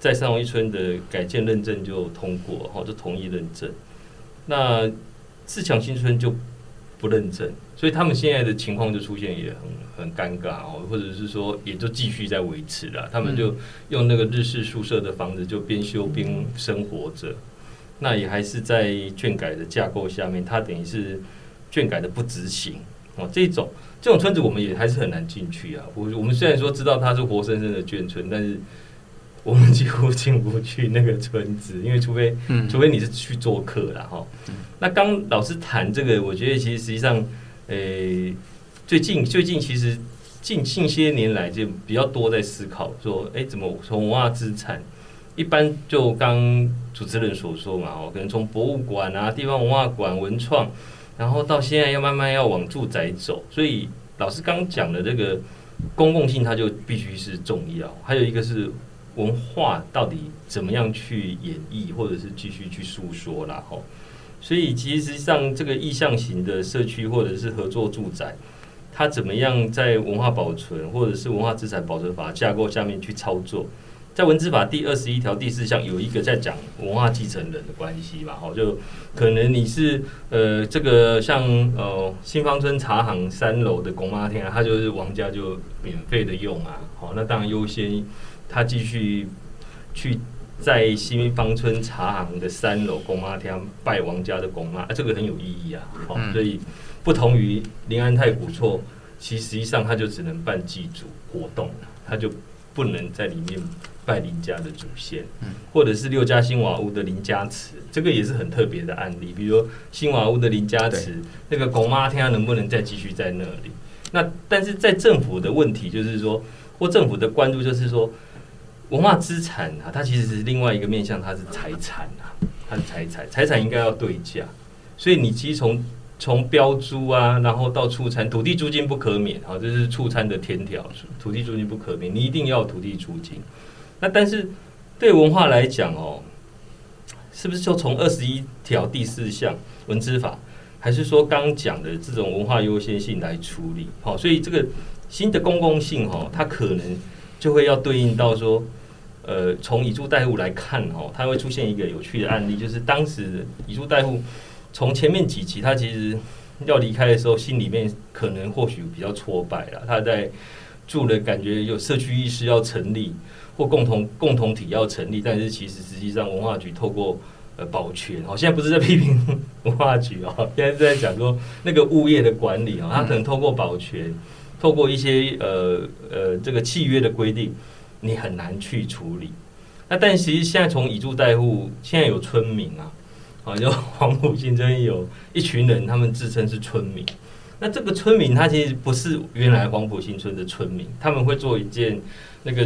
在三重一村的改建認證就通過，好，就同意認證。那自強新村就不認證，所以他們現在的情況就出現也很很尷尬哦，或者是說也就繼續在維持了，他們就用那個日式宿舍的房子就邊修邊生活着。那也還是在眷改的架構下面，它等於是眷改的不執行。哦，這種這種村子我們也還是很難進去啊。我我們雖然說知道它是活生生的眷村，但是我們幾乎進不去那個村子，因為除非，除非你是去做客了哈，嗯。那剛老師談這個，我覺得其實實際上，誒、欸，最近最近其實近近些年來就比較多在思考說，哎、欸，怎麼從文化資產，一般就剛主持人所說嘛，哦，可能從博物館啊、地方文化館、文創。然後到現在要慢慢要往住宅走，所以老師剛講的這個公共性，它就必須是重要。還有一個是文化到底怎麼樣去演繹，或者是繼續去訴說。然後所以其實上這個意向型的社區或者是合作住宅，它怎麼樣在文化保存或者是文化資產保存法架構下面去操作？在《文資法》第二十一條第四項有一個在講文化繼承人的關係嘛，好，就可能你是呃這個像哦、呃，新芳春茶行三樓的公媽廳啊，他就是王家就免費的用啊，好，那當然優先他繼續去在新芳春茶行的三樓公媽廳、啊、拜王家的公媽，啊，這個很有意義啊，好，所以不同於林安泰古厝，其實際上他就只能辦祭祖活動，他就不能在裡面。拜林家的祖先，嗯，或者是六家新瓦屋的林家祠，這個也是很特別的案例。比如說新瓦屋的林家祠，那個公媽，看他能不能再繼續在那裡。那但是在政府的問題，就是說，或政府的關注，就是說，文化資產啊，它其實是另外一個面向，它是財產啊，它是財產，財產應該要對價。所以你其實從從標租啊，然後到促參土地租金不可免啊，哦，這是促參的天條，土地租金不可免，你一定要土地租金。那但是對文化來講哦，是不是就從二十一條第四項文資法，還是說剛講的這種文化優先性來處理？好，所以這個新的公共性哦，它可能就會要對應到說，呃，從以住代護來看哦，它會出現一個有趣的案例，就是當時以住代護從前面幾期，他其實要離開的時候，心裡面可能或許比較挫敗了，他在住的感覺有社區意識要成立。或共同共同體要成立，但是其實實際上文化局透過呃保全，好、哦、現在不是在批評文化局哦，現在是在講說 (laughs) 那個物業的管理哦，他可能透過保全，透過一些呃呃這個契約的規定，你很難去處理。那但其實現在從以住代護，現在有村民啊，啊，就黃埔新村有一群人，他們自稱是村民。那這個村民他其實不是原來黃埔新村的村民，他們會做一件那個。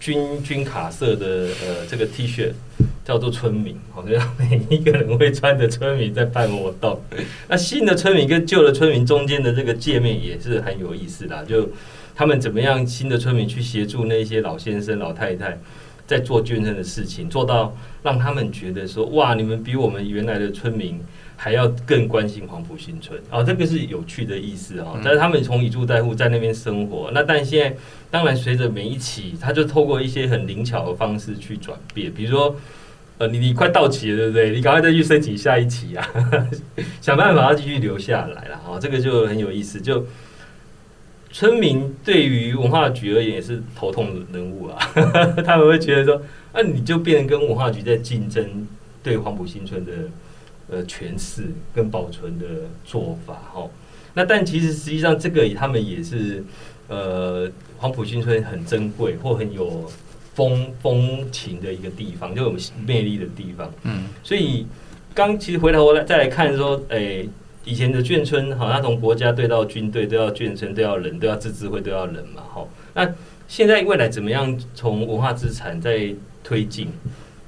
軍軍卡色的呃，這個 T 恤叫做村民，好像每一個人會穿着村民在辦活動。那新的村民跟舊的村民中間的這個界面也是很有意思啦，就他們怎麼樣新的村民去協助那些老先生、老太太在做捐贈的事情，做到讓他們覺得說：哇，你們比我們原來的村民。還要更關心黃埔新村啊、哦，這個是有趣的意思啊、哦嗯。但是他們從以住代護，在那邊生活，那但現在當然隨着每一期，他就透過一些很靈巧的方式去轉變，比如說，呃，你你快到期了，對不對？你趕快再去申請下一期啊，呵呵想辦法要繼續留下來了啊、哦。這個就很有意思，就村民對於文化局而言也是頭痛人物啊。呵呵他們會覺得說，那、啊、你就變成跟文化局在競爭對黃埔新村的。呃，詮釋跟保存的做法，吼。那但其實實際上，這個他們也是，呃，黃埔新村很珍貴或很有風風情的一個地方，就有魅力的地方。嗯。所以剛其實回頭來再來看說，哎、欸，以前的眷村，好像從國家隊到軍隊都要眷村，都要人，都要自治會都要人嘛，吼。那現在未來怎麼樣從文化資產再推進？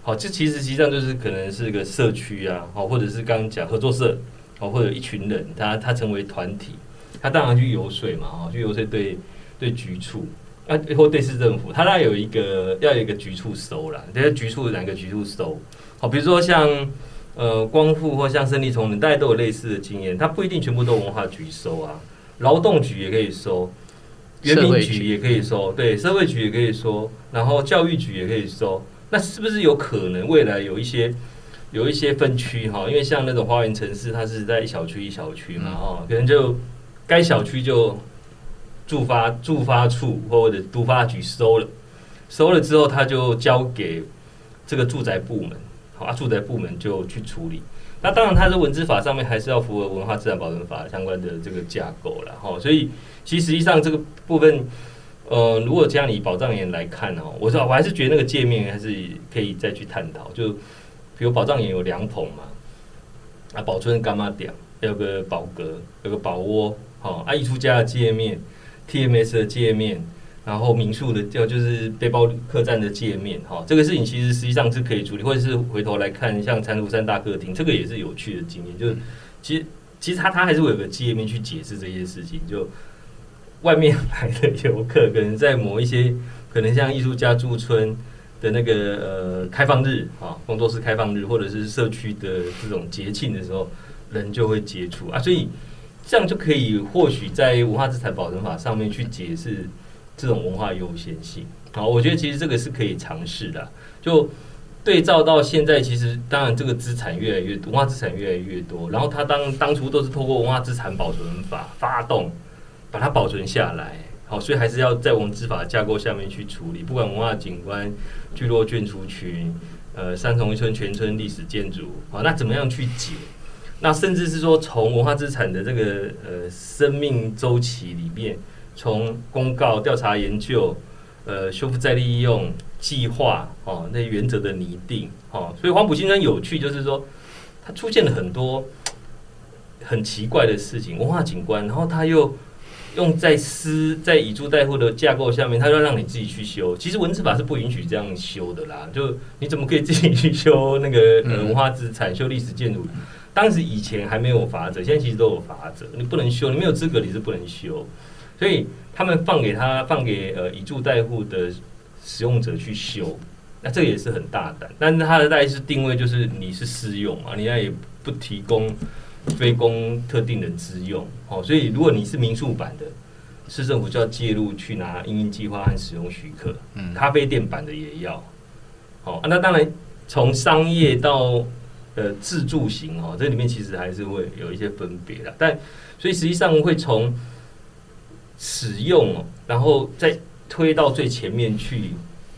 好，這其實實際上就是可能是一個社區啊，或者是剛剛講合作社，或者一群人，他他成為團體，他當然去遊說嘛，哦，去遊說對對局處啊，或對市政府，他當然有一個要有一個局處收啦，對局處兩個局處收，好，比如說像呃光復或像勝利新村，大家都有類似的經驗，他不一定全部都文化局收啊，勞動局也可以收，原民局也可以收，對，社會局也可以收，然後教育局也可以收。那是不是有可能未來有一些有一些分區哈、哦？因為像那種花園城市，它是在一小區一小區嘛哈、哦，可能就該小區就住發住發處或者都發局收了，收了之後，他就交給這個住宅部門，好啊，住宅部門就去處理。那當然，它的文資法上面還是要符合文化資產保存法相關的這個架構了哈、哦。所以，其實，實際上這個部分。呃，如果這樣以寶藏巖來看哦，我說我還是覺得那個界面還是可以再去探討。就比如寶藏巖有兩桶嘛，啊，保存幹嘛屌？有個寶格，有個寶窩，好啊，藝術家的界面，TMS 的界面，然後民宿的叫就是背包客棧的界面，哈，這個事情其實實際上是可以處理，或者是回頭來看像蟾蜍山大客廳，這個也是有趣的經驗，就是其實其實他他還是會有個界面去解釋這些事情，就。外面來的遊客，可能在某一些，可能像藝術家駐村的那個呃開放日啊，工作室開放日，或者是社區的這種節慶的時候，人就會接觸啊，所以這樣就可以或許在文化資產保存法上面去解釋這種文化優先性好，我覺得其實這個是可以嘗試的。就對照到現在，其實當然這個資產越來越文化資產越來越多，然後他當當初都是透過文化資產保存法發動。把它保存下來，好，所以還是要在我們執法架構下面去處理。不管文化景觀、聚落、眷村群，呃，三重一村全村歷史建築，好，那怎麼樣去解？那甚至是說，從文化資產的這個呃生命周期裡面，從公告、調查、研究、呃修復、再利用計劃，哦，那原則的擬定，哦，所以黃埔新村有趣，就是說它出現了很多很奇怪的事情，文化景觀，然後它又。用在私在以住代護的架構下面，他就要讓你自己去修。其實文資法是不允許這樣修的啦，就你怎麼可以自己去修那個文化資產、修歷史建築？當時以前還沒有法則，現在其實都有法則，你不能修，你沒有資格，你是不能修。所以他們放給他放給呃以住代護的使用者去修，那這個也是很大膽。但是他的大概是定位就是你是私用啊，你那也不提供。非公特定的資用，哦，所以如果你是民宿版的，市政府就要介入去拿營運計劃和使用許可。嗯，咖啡店版的也要，哦、啊，那當然從商業到呃自助型哦，這裡面其實還是會有一些分別的，但所以實際上會從使用，然後再推到最前面去，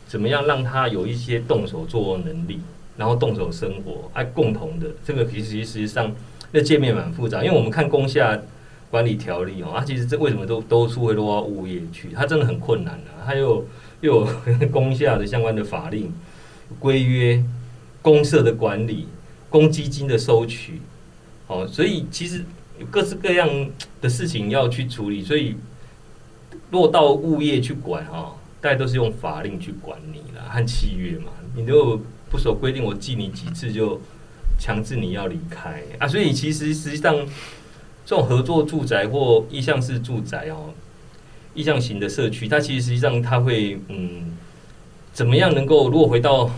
怎麼樣讓它有一些動手做能力，然後動手生活，哎、啊，共同的這個其實實際上。這界面蠻複雜，因為我們看公廈管理條例哦，它、啊、其實這為什麼都都是會落到物業去？它真的很困難的、啊，它又又有公廈的相關的法令、規約、公社的管理、公基金的收取，哦，所以其實有各式各樣的事情要去處理，所以落到物業去管啊、哦，大概都是用法令去管理了，按契約嘛，你如果不守規定，我記你幾次就。強制你要離開啊！所以你其實實際上，這種合作住宅或意向式住宅哦，意向型的社區，它其實實際上它會嗯，怎麼樣能夠落回到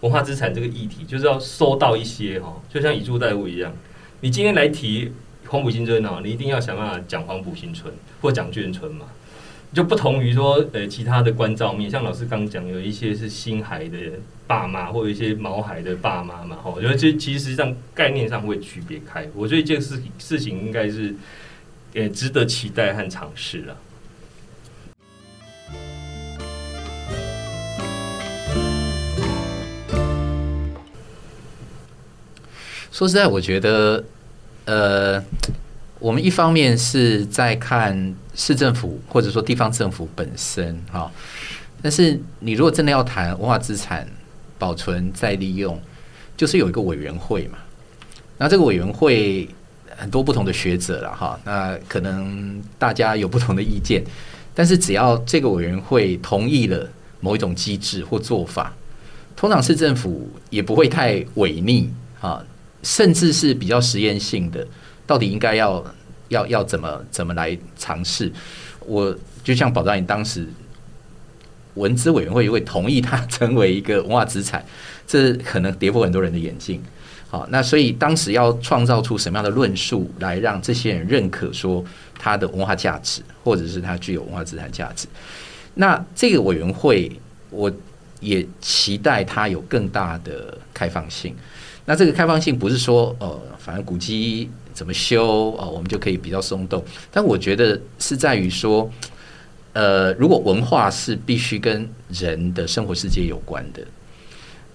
文化資產這個議題，就是要收到一些哈、哦，就像以住代護一樣，你今天來提黃埔新村哦，你一定要想辦法講黃埔新村或講眷村嘛。就不同於說，呃，其他的關照面，像老師剛講，有一些是新孩的爸媽，或有一些毛孩的爸媽嘛，吼，我覺得這其實上概念上會區別開。我覺得這件事事情應該是，呃，值得期待和嘗試了。說實在，我覺得，呃。我們一方面是在看市政府或者說地方政府本身哈，但是你如果真的要談文化資產保存再利用，就是有一個委員會嘛。那這個委員會很多不同的學者了哈，那可能大家有不同的意見，但是只要這個委員會同意了某一種機制、或做法，通常市政府也不會太違逆，啊，甚至是比較實驗性的。到底應該要要要怎麼怎麼來嘗試？我就像寶藏巖，當時文資委員會會同意它成為一個文化資產，這可能跌破很多人的眼鏡。好，那所以當時要創造出什麼樣的論述來讓這些人認可，說它的文化價值，或者是它具有文化資產價值？那這個委員會，我也期待它有更大的開放性。那這個開放性不是說，呃，反正古蹟。怎麼修啊？我們就可以比較鬆動。但我覺得是在於說，呃，如果文化是必須跟人的生活世界有關的，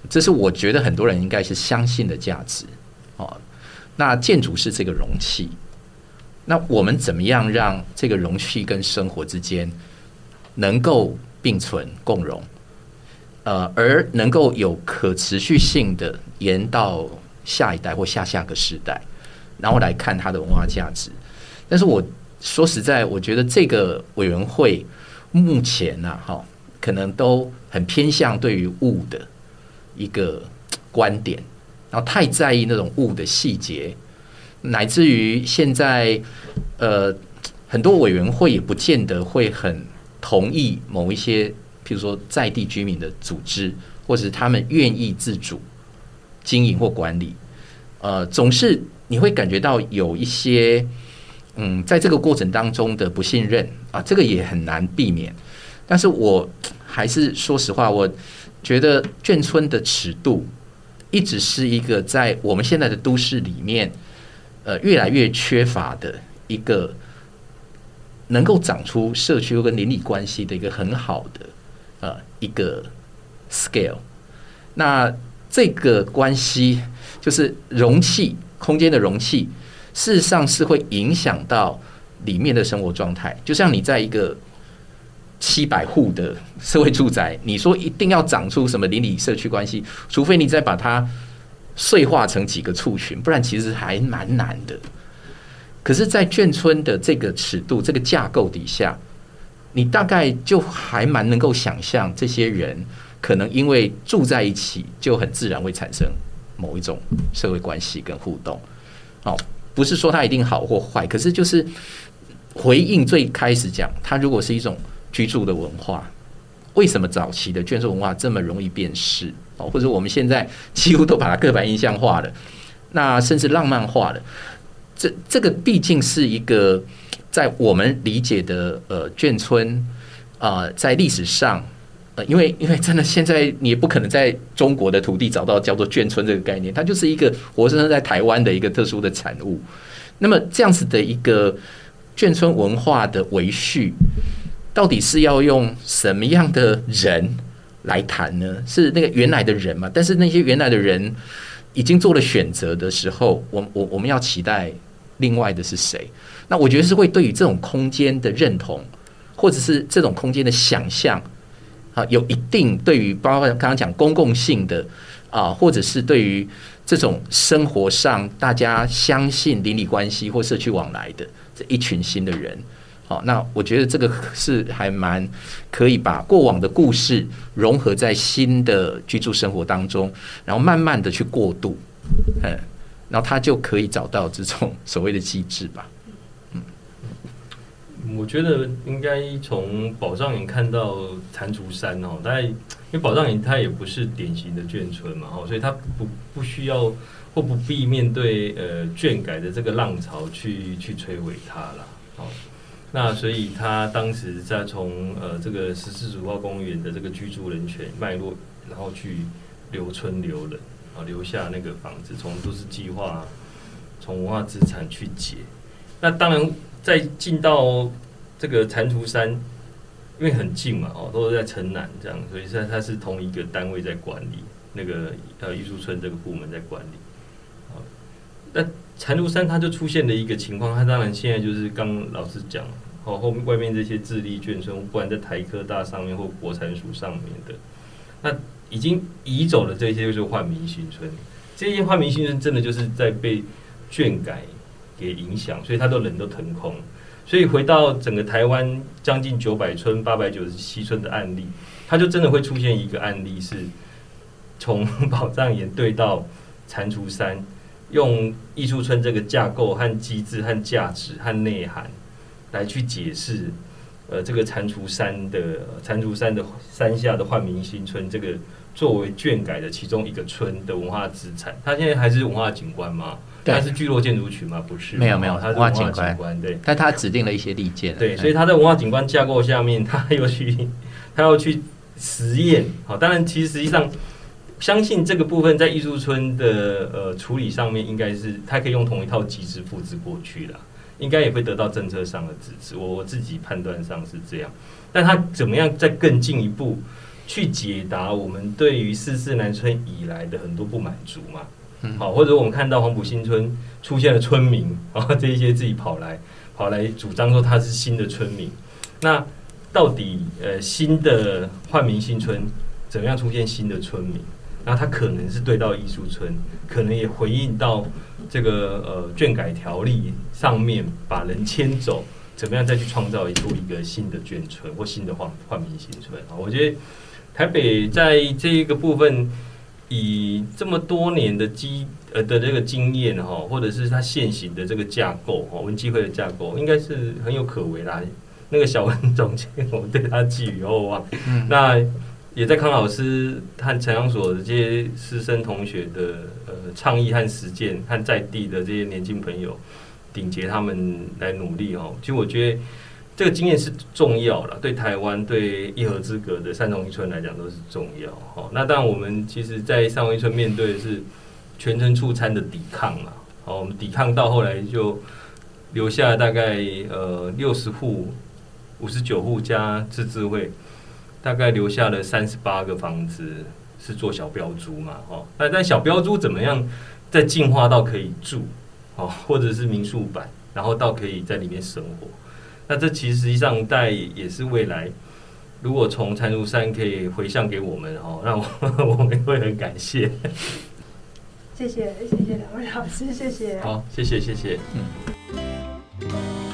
這是我覺得很多人應該是相信的價值哦，那建築是這個容器，那我們怎麼樣讓這個容器跟生活之間能夠並存共融？呃，而能夠有可持續性的延到下一代或下下個時代。然後來看它的文化價值，但是我說實在，我覺得這個委員會目前呢，哈，可能都很偏向對於物的一個觀點，然後太在意那種物的細節，乃至於現在呃，很多委員會也不見得會很同意某一些，譬如說在地居民的組織，或者是他們願意自主經營或管理，呃，總是。你會感覺到有一些，嗯，在這個過程當中的不信任啊，這個也很難避免。但是我還是說實話，我覺得眷村的尺度一直是一個在我們現在的都市裡面，呃，越來越缺乏的一個能夠長出社區跟鄰里關係的一個很好的呃一個 scale。那這個關係就是容器。空間的容器，事實上是會影響到裡面的生活狀態。就像你在一個七百戶的社會住宅，你說一定要長出什麼鄰里社區關係，除非你再把它碎化成幾個畜群，不然其實還蠻難的。可是，在眷村的這個尺度、這個架構底下，你大概就還蠻能夠想象，這些人可能因為住在一起，就很自然會產生。某一種社會關係跟互動，哦，不是說它一定好或壞，可是就是回應最開始講，它如果是一種居住的文化，為什麼早期的眷村文化這麼容易辨識？哦，或者我們現在幾乎都把它刻板印象化了，那甚至浪漫化了，這這個畢竟是一個在我們理解的呃眷村啊，在歷史上。因為，因為真的，現在你也不可能在中國的土地找到叫做“眷村”這個概念，它就是一個活生生在台灣的一個特殊的產物。那麼，這樣子的一個眷村文化的維續，到底是要用什麼樣的人來談呢？是那個原來的人嘛？但是那些原來的人已經做了選擇的時候，我我我們要期待另外的是誰？那我覺得是會對於這種空間的認同，或者是這種空間的想象。有一定對於包括剛剛講公共性的啊，或者是對於這種生活上大家相信鄰里關係或社區往來的這一群新的人，好，那我覺得這個是還蠻可以把過往的故事融合在新的居住生活當中，然後慢慢的去過渡，嗯，然後他就可以找到這種所謂的機制吧。我覺得應該從寶藏巖看到蟾蜍山哦，但因為寶藏巖它也不是典型的眷村嘛，哦，所以它不不需要或不必面對呃眷改的這個浪潮去去摧毀它啦。哦。那所以它當時在從呃這個十四竹花公園的這個居住人群脈絡，然後去留村留人啊，留下那個房子，從都市計劃，從文化資產去解。那當然。再進到這個蟾蜍山，因為很近嘛，哦，都是在城南這樣，所以它它是同一個單位在管理那個呃藝術村這個部門在管理。哦，那蟾蜍山它就出現了一個情況，它當然現在就是剛老師講，哦，後面外面這些智力眷村，不管在台科大上面或國產署上面的，那已經移走了這些就是煥民新村，這些煥民新村真的就是在被眷改。給影響，所以他都人都騰空，所以回到整個台灣將近九百村八百九十七村的案例，他就真的會出現一個案例是，從寶藏岩對到蟾蜍山，用藝術村這個架構和機制和價值和內涵來去解釋。呃，這個蟾蜍山的蟾蜍山的山下的煥民新村，這個作為眷改的其中一個村的文化資產，它現在還是文化景觀嗎？它是聚落建築群嘛？不是，沒有沒有，它是文化，文化景觀，對。但它指定了一些立件，對。嗯，所以它在文化景觀架構下面，它又去，它要去實驗。好，當然，其實實際上，相信這個部分在藝術村的呃處理上面應，應該是它可以用同一套機制複製過去的，應該也會得到政策上的支持。我我自己判斷上是這樣。但它怎麼樣再更進一步去解答我們對於四四南村以來的很多不滿足嘛？好，或者我們看到黃埔新村出現了村民，然後這一些自己跑來跑來主張說他是新的村民。那到底呃新的煥民新村怎麼樣出現新的村民？那他可能是對到藝術村，可能也回應到這個呃眷改條例上面，把人遷走，怎麼樣再去創造出一個新的眷村或新的煥煥民新村？啊，我覺得台北在這一個部分，以這麼多年的經呃的這個經驗哈，或者是他現行的這個架構，我們機會的架構，應該是很有可為啦。那個小文總監，我們對他寄予厚望。嗯。那也在康老師和城鄉所的這些師生同學的呃倡議和實踐，和在地的這些年輕朋友頂杰他們來努力哦。其實我覺得。這個經驗是重要了，對台灣、對一河之隔的三重一村來講都是重要。好，那當然我們其實，在三重一村面對的是全程促參的抵抗啊。好，我們抵抗到後來就留下了大概呃六十戶、五十九戶家自治會，大概留下了三十八個房子是做小標租嘛。哈，那但小標租怎麼樣再進化到可以住？哦，或者是民宿版，然後到可以在裡面生活。那這其實，實際上帶也是未來，如果從蟾蜍山可以回向給我們哦、喔，讓我我們會很感謝。謝謝謝謝兩位老師，謝謝，好謝謝謝謝，謝謝嗯。